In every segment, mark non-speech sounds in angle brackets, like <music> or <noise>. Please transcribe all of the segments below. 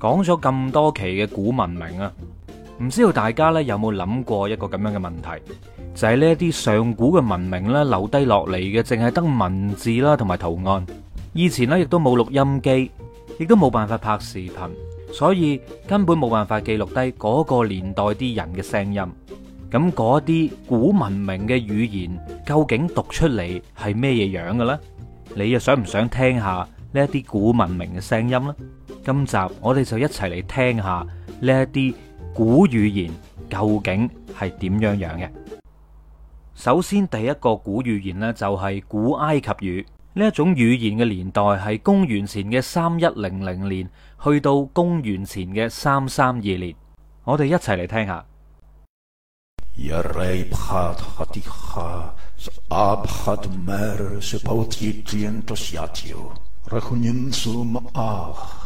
講咗咁多期嘅古文明啊，唔知道大家呢有冇諗過一個咁樣嘅問題，就係呢啲上古嘅文明呢，留低落嚟嘅，淨係得文字啦同埋圖案，以前呢，亦都冇錄音機，亦都冇辦法拍視頻，所以根本冇辦法記錄低嗰個年代啲人嘅聲音。咁嗰啲古文明嘅語言究竟讀出嚟係咩嘢樣嘅咧？你又想唔想聽下呢啲古文明嘅聲音呢？今集我哋就一齊嚟聽下呢一啲古語言究竟係點樣樣嘅。首先，第一個古語言呢，就係古埃及語。呢一種語言嘅年代係公元前嘅三一零零年，去到公元前嘅三三二年。我、嗯。我哋一齊嚟聽下。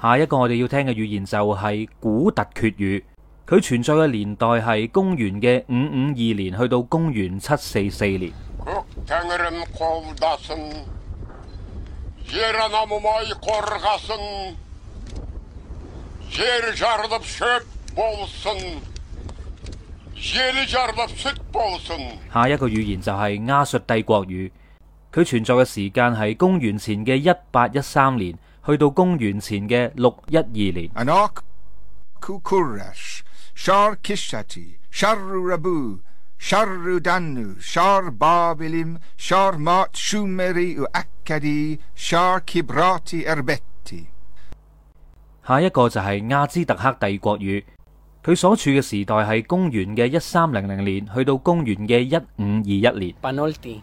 下一個我哋要聽嘅語言就係古突厥語，佢存在嘅年代係公元嘅五五二年，去到公元七四四年。下一個語言就係亞述帝國語。佢存在嘅時間係公元前嘅一八一三年，去到公元前嘅六一二年。下一個就係阿茲特克帝國語，佢所處嘅時代係公元嘅一三零零年，去到公元嘅一五二一年。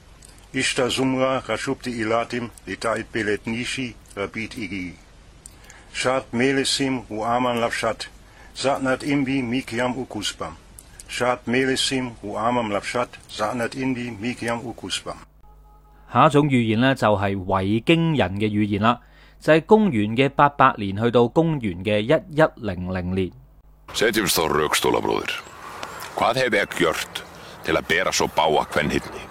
下一種語言呢，就係維京人嘅語言啦，就係公元嘅八百年去到公元嘅一一零零年。 <music>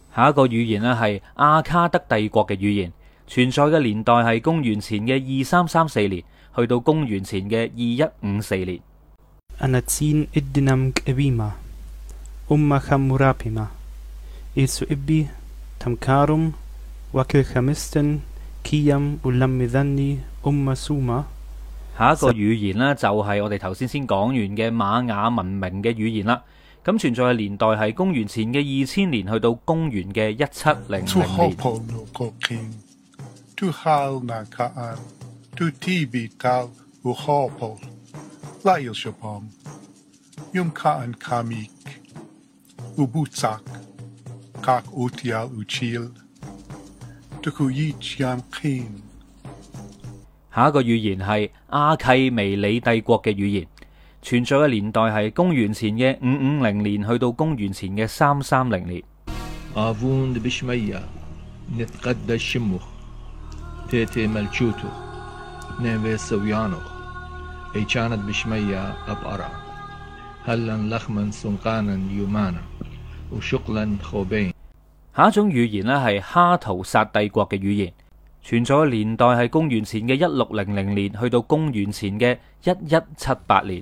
下一個語言呢係阿卡德帝國嘅語言，存在嘅年代係公元前嘅二三三四年，去到公元前嘅二一五四年。下一個語言呢，就係我哋頭先先講完嘅瑪雅文明嘅語言啦。咁存在嘅年代係公元前嘅二千年去到公元嘅一七零零年。下一個語言係阿契美里帝國嘅語言。存在嘅年代係公元前嘅五五零年，去到公元前嘅三三零年。下一種語言呢係哈圖薩帝國嘅語言，存在嘅年代係公元前嘅一六零零年，去到公元前嘅一一七八年。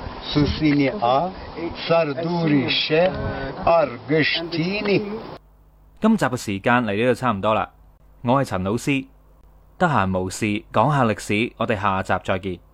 尼舍、阿今集嘅時間嚟到就差唔多啦，我係陳老師，得閒無事講下歷史，我哋下集再見。